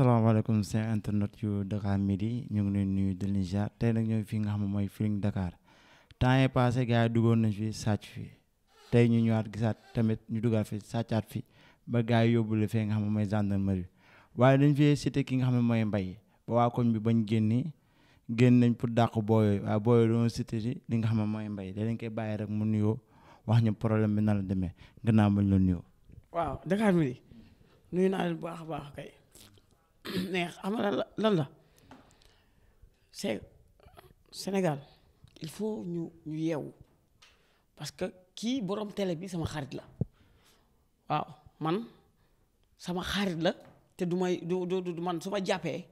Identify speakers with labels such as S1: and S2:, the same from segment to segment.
S1: asalaamaaleykum seen internet yu Dakar Midi ñu ngi leen nuyu di tey nag ñoom fii nga xam mooy Feeling Dakar temps yii duggoon nañ fi sàcc fi tey ñu ñëwaat gisaat tamit ñu duggaat fi sàccaat fi ba gars yi yóbbu la fee nga xam mooy gendarmerie waaye dañ fi cité ki nga xam ne mooy mbay ba waa koñ bi bañ génni génn nañ pour dàq booyooyu waaye booyooyu doon cité si li nga xam ne mooy mbay da leen koy bàyyi rek mu nuyoo wax ñu problème bi na la demee gannaaw bañ la nuyoo.
S2: mais am nga lan la lan la c'est Sénégal il faut ñu ñu yeewu parce que kii borom tele bi sama xarit la waaw man sama xarit la te dumay du du du man su ma jàppee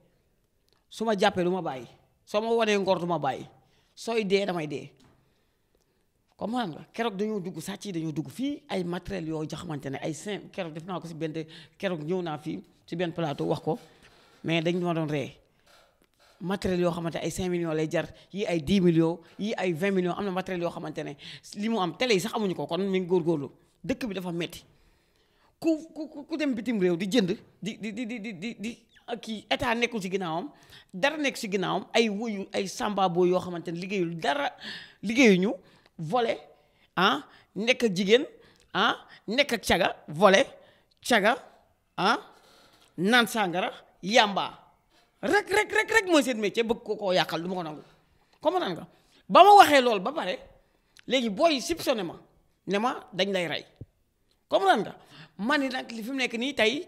S2: suma jàppee du ma bàyyi soo ma wanee ngor duma ma bàyyi sooy dee damay dee comprendre nga keroog dañoo dugg sàcc yi dañoo dugg fii ay matériels yoo xamante ne ay cinq keroog def naa ko si benn keroog ñëw naa fii si benn plateau wax ko. mais dañ ma doon ree matériel yoo xamante ay 5 millions lay jar yi ay 10 millions yi ay 20 millions am na matériel yoo xamante ne li mu am télé yi sax amuñu ko kon mi ngi góorgóorlu dëkk bi dafa metti ku ku ku dem bitim réew di jënd di di di di di di kii état nekkul ci ginnaawam dara nekk ci ginnaawam ay wuyu ay samba yoo xamante ne liggéeyul dara liggéeyuñu vole ah nekk jigéen ah nekk ak caga volé caga ah naan sàngara yamba rek rek rek rek mooy seen métier bëgg ko koo yàqal du ma ko nangu comprendre nga ba ma waxee loolu ba pare léegi booy soupçonné ma ne ma dañ lay rey comprendre nga ma ni nag li fi mu nekk nii tey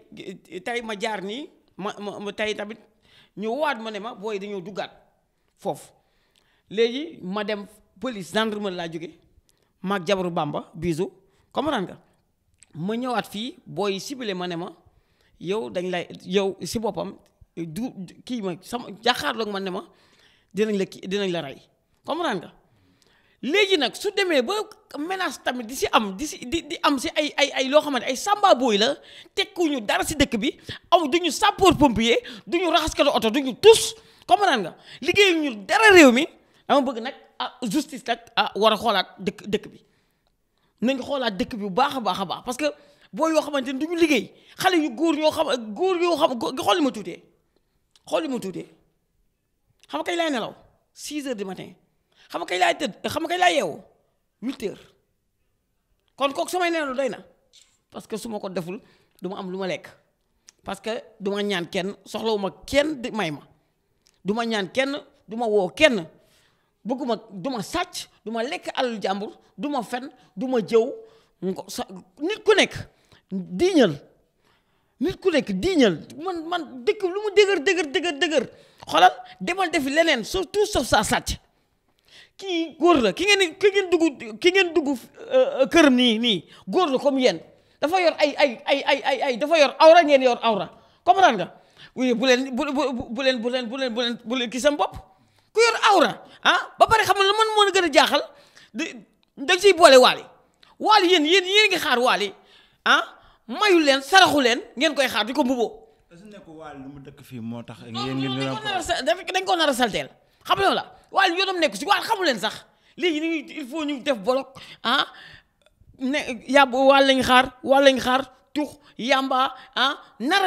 S2: tey ma jaar nii ma ma tey tamit ñu waat ma ne ma booy dañoo duggaat foofu léegi ma dem police gendarmerie laa jóge maa jabaru bàmba bisu comprendre nga ma ñëwaat fii booy sibile ma ne ma yow dañ lay yow si boppam du kii ma sama jàkkaarloog man ne ma dinañ la ki dinañ la rey comprendre nga. léegi nag su demee ba menace tamit di si am di si di di am si ay ay ay loo ne ay samba booy la tekkuñu dara si dëkk bi am duñu sapeur pompier duñu raxaskatu oto duñu tus comprendre nga liggéeyuñu dara réew mi dama bëgg nag ah justice nag ah war a xoolaat dëkk dëkk bi nañ xoolaat dëkk bi bu baax a baax a baax parce boo yoo xamante ne du ñu liggéey xale yu góor yoo xam góor yoo xam xool li ma tuutee xool li ma tuutee xam kay laay nelaw 6 heures di matin xam nga kay laay tëdd xam nga laay yeewu 8 heures kon kooku samay nelaw doy na parce que su ma ko deful du am lu ma lekk parce que du ñaan kenn soxlawuma kenn di may ma du ma ñaan kenn du ma woo kenn bëgguma du ma sàcc du ma lekk alalu jàmbur du ma fen du ma jëw nit ku nekk diiñal nit ku nekk diiñal man man dëkk lu mu dëgër dëgër dëgër dëgër xoolal demal def leneen surtout sauf saa sàcc kii góor la ki ngeen ki ngeen dugg ki ngeen dugg euh, këram nii nii góor la comme yéen dafa yor ay ay ay ay ay ay dafa yor awra ngeen yor awra comprendre nga oui bu leen bu bu bu leen bu leen bu leen bu leen bu leen seen bopp ku yor awra ah ba pare xam na man moo gën a jaaxal di dañ siy boole waali waali yéen yéen yéen mayu leen saraxu leen ngeen koy xaar di ko mbubboo.
S1: su nekkul waa lu mu dëkk fii moo tax. ngeen ngeen
S2: gën a dañ ko nar a salteel xam nga la waa li yoonam nekk si waa xamu leen sax léegi nii il faut ñu def bolok ah ne yàbb waa lañ xaar waa lañ xaar tux yàmba ah nar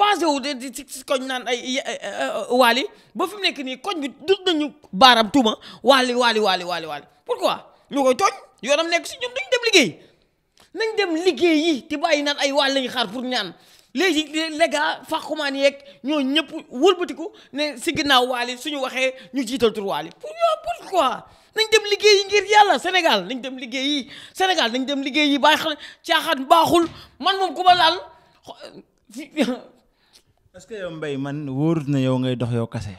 S2: basé wu de di si koñ naan ay waali ba fi nekk nii koñ bi dut nañu baaram tuuma waali waali waali waali waali pourquoi ñu koy tooñ yoonam nekk si ñoom dañu dem liggéey. nañ dem liggéey yi te bàyyi naan ay waa lañu xaar pour ñaan léegi les gars fàqumaan yeeg ñoo ñëpp wëlbatiku ne si ginnaaw waali suñu waxee ñu jiital tur waali pour ñoo pourquoi nañ dem liggéey yi ngir yàlla Sénégal nañ dem liggéey yi Sénégal nañ dem liggéey yi bàyyi xel caaxaan baaxul man moom ku ma laal
S1: est que yow Mbaye man wóorut na yow ngay dox yow kase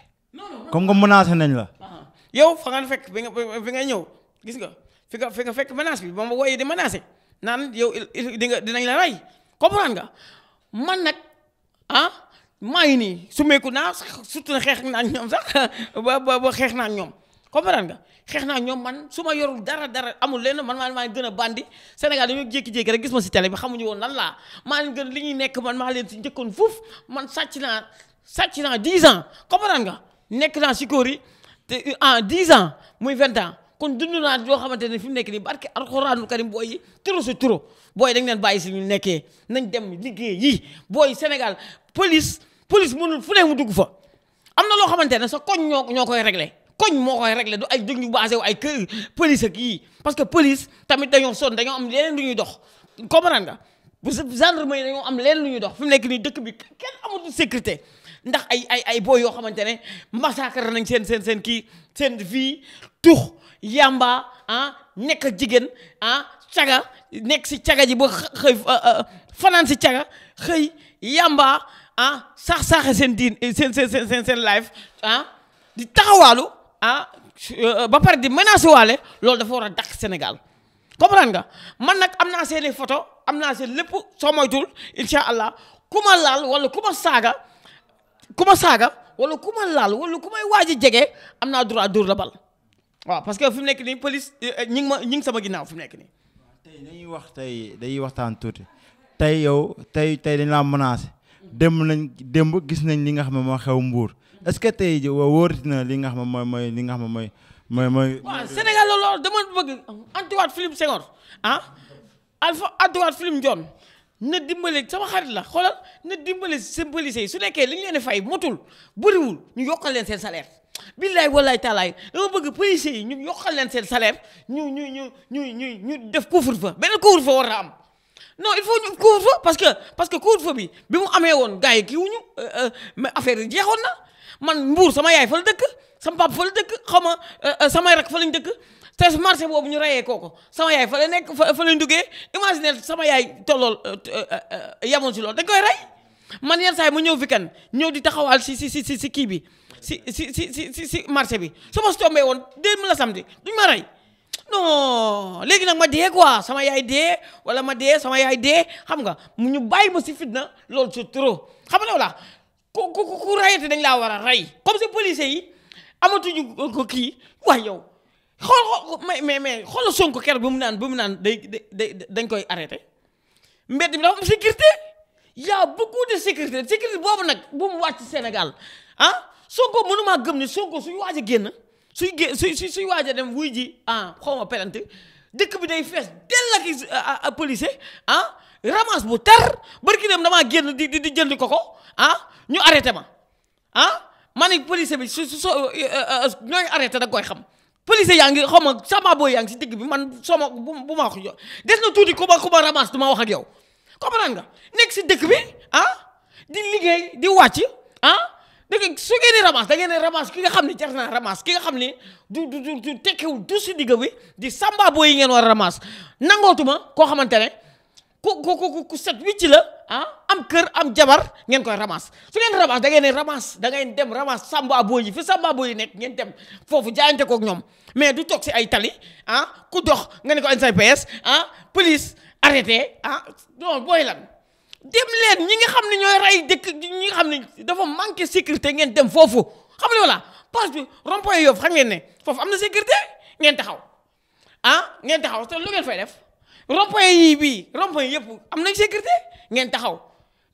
S1: comme nga menacé nañ la ah, ah.
S2: yow fa nga fekk bi nga bi nga ñëw gis nga fi nga fekk menace bi ba ma wooyee di menacé naan yow di nga dinañ la rey comprendre nga man nag ah maa ngi nii sumeeku naa surtout na xeex naa ñoom sax ba ba xeex naa ñoom comprendre nga xeex naa ñoom man suma ma yorul dara dara amul lenn man maa leen gën a bandi Sénégal dañoo jékki-jékki rek gis ma si télé bi xamuñu woon lan laa maa leen gën li ñuy nekk man maa leen si njëkkoon fuuf man sàcc naa sàcc naa 10 ans comprendre nga nekk naa si kóor yi te en 10 ans muy 20 ans. kon dund naa yoo xamante ne fi mu nekk nii barke alxuraanul karim booy yi turo sa booy dañ leen bàyyi si ñu nekkee nañ dem liggéey yi booy Sénégal police police mënul fu ne mu dugg fa am na loo xamante ne sa koñ ñoo ñoo koy réglé koñ moo koy réglé du ay dëgg ñu basé ay kër police ak yii parce que police tamit dañoo sonn dañoo am leneen lu ñuy dox comprendre nga gendarmerie dañoo am leneen lu ñuy dox fi mu nekk nii dëkk bi kenn amatul sécurité ndax ay ay ay boo yoo xamante ne massacre nañ seen seen seen kii seen vie tux yamba ah, nekk jigéen ah caga nekk si caga ji ba xëy euh, euh, fanaan si caga xëy yàmba ah saax saaxe seen diin eh, seen seen seen seen life ah, di taxawaalu ah euh, ba pare di menacé waale loolu dafa war a dàq Sénégal comprendre nga man nag am naa seeni photo am naa seen lépp soo moytul incha allah ku ma laal wala ku ma saaga. ku ma saaga wala ku ma laal wala ku may waaj jege am naa droit dóor la bal waaw parce que fi nekk nii police eh, ñi ma ñi sama ginnaaw fi nekk nii.
S1: tey dañuy wax tey dañuy waxtaan tuuti tey yow tey tey dañ laa menacé démb nañ dem gis nañ li nga xam ne moo xew mbuur est-ce que tey jii na li nga xam ne mooy mooy li nga xam ne mooy. mooy mooy
S2: waaw Sénégal loolu dama bëgg Antoine Philippe Senghor ah Alpha Antoine na dimbalee sama xarit la xoolal na dimbale symboliser su nekkee li ñu leen di fay motul bëriwul ñu yokkal leen seen salaire billaay wallaay taalaay dama bëgg policiers yi ñu yokkal leen seen salaire ñu ñu ñu ñu ñu ñu def couvre-feu beneen couvre-feu war a am non il faut ñu couvre-feu parce que parce que couvre-feu bi bi mu amee woon gars yi kii euh, euh, mais affaire yi jeexoon na man mbuur sama yaay fa la dëkk sama papa fa la dëkk xaw ma euh, samay rak fa lañ dëkk te marché boobu ñu reyee kooko sama yaay fa la nekk fa fa lañ duggee imaginer sama yaay tollool euh, euh, euh, yamoon si loolu dañ koy rey man yenn saa yi mu ñëw fi kan ñëw di taxawaal si si si si si kii bi si si si si si si marché bi su ma si tombee woon démb la samedi duñ ma rey non léegi nag ma dee quoi sama yaay dee wala ma dee sama yaay dee xam nga mu ñu bàyyi ma si fitna loolu si trop xam nga la ku ku ku rayate dañ laa war a rey comme si policiers yi amatuñu ko kii yow. xool xool mais mais mais xoolal Sonko keroog ba mu naan ba mu naan day day dañ koy arrêté mbedd mi dafa am sécurité y a de sécurité sécurité boobu nag bu mu wàcc Sénégal ah Sonko mënumaa gëm ne Sonko suy waaj a génn suy gé suy suy suy waaj dem wuy ji ah xaw ma pelante dëkk bi day fees dell ak i policier ah ramasse bu tar barki dem damaa génn di di jënd ko ko ah ñu arrêté ma ah ma ne policier bi su su soo ñooy arrêté da koy xam. police yaa ngi xaw ma sama booy yaa ngi si digg bi man soo ma bu ma wax des na tuuti ku ma ku ma ramasse du ma wax ak yow comprendre nga nekk si dëkk bi ah di liggéey di wàcc ah dëgg su ngeen di ramasse da ngeen di ramasse ki nga xam ne jar naa ramasse ki nga xam ne du du du tekkiwul du si digg bi di samba booy yi ngeen war a ramasse nangootuma koo xamante ne. ku ku ku set wicc la ah, am kër am jabar ngeen koy ramas su ngeen ramas da ngeen ne ramas da ngeen dem ramas samba booy yi fi samba booy yi nekk ngeen dem foofu jaayante kook ñoom mais du toog si ay tali ah ku dox nga ne ko NCPS ah police arrêté ah non booy lan dem leen ñi nga xam ne ñooy rey dëkk ñi nga xam ne dafa manqué sécurité ngeen dem foofu xam nga voilà poste bi rond xam ngeen ne foofu am na sécurité ngeen taxaw ah ngeen taxaw te lu ngeen fay def. rond-point yi bii rond-point yëpp am nañ sécurité ngeen taxaw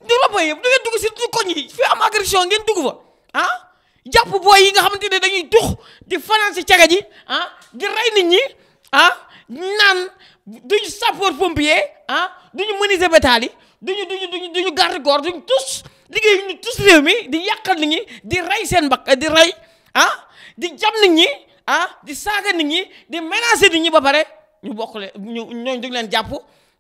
S2: du rond-point yëpp du ngeen dugg surtout koñ yi fi am agression ngeen dugg fa ah jàpp booy yi nga xamante ne dañuy tux di fanaan si caga ji ah di rey nit ñi ah naan duñu sapeur ah duñu menuisier bétail yi duñu duñu duñu duñu garde corps duñu tus liggéey ñu tus réew mi di yàqal nit ñi di ray seen mbak di rey ah di jam nit ñi ah di saaga nit ñi di menacer nit ñi ba pare ñu bokk leen ñu ñooñu duñ leen jàpp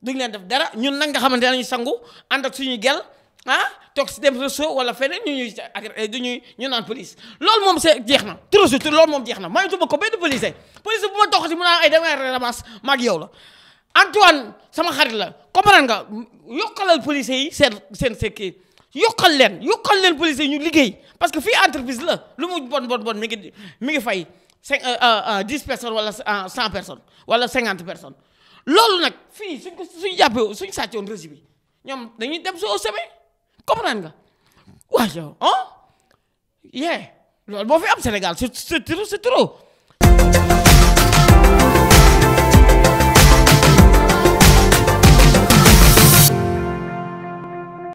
S2: duñ leen def dara ñun nag nga xamante nañu sangu ànd ak suñu gel ah toog si dem réseau wala feneen ñu ñuy ak eh, ñu naan police loolu moom c'est jeex na trop surtout loolu moom jeex na maa ngi ko benn police eh. police bu ma toxati mu naan ay eh, damay ramas maag yow la Antoine sama xarit la comprendre nga yokkalal police yi seen seen seen kii yokkal leen yokkal leen police yi ñu liggéey parce que fii entreprise la lu mu bon bon bon mi mi ngi fay. cinq euh, euh, euh, dix personnes wala cent personnes wala cinquante personnes loolu nag fii su ko suñ jàppee suñ sàccoon ñoom dañuy dem soo semé comprendre nga waaw yow ah yee loolu boo fi am Sénégal c'est trop c'est trop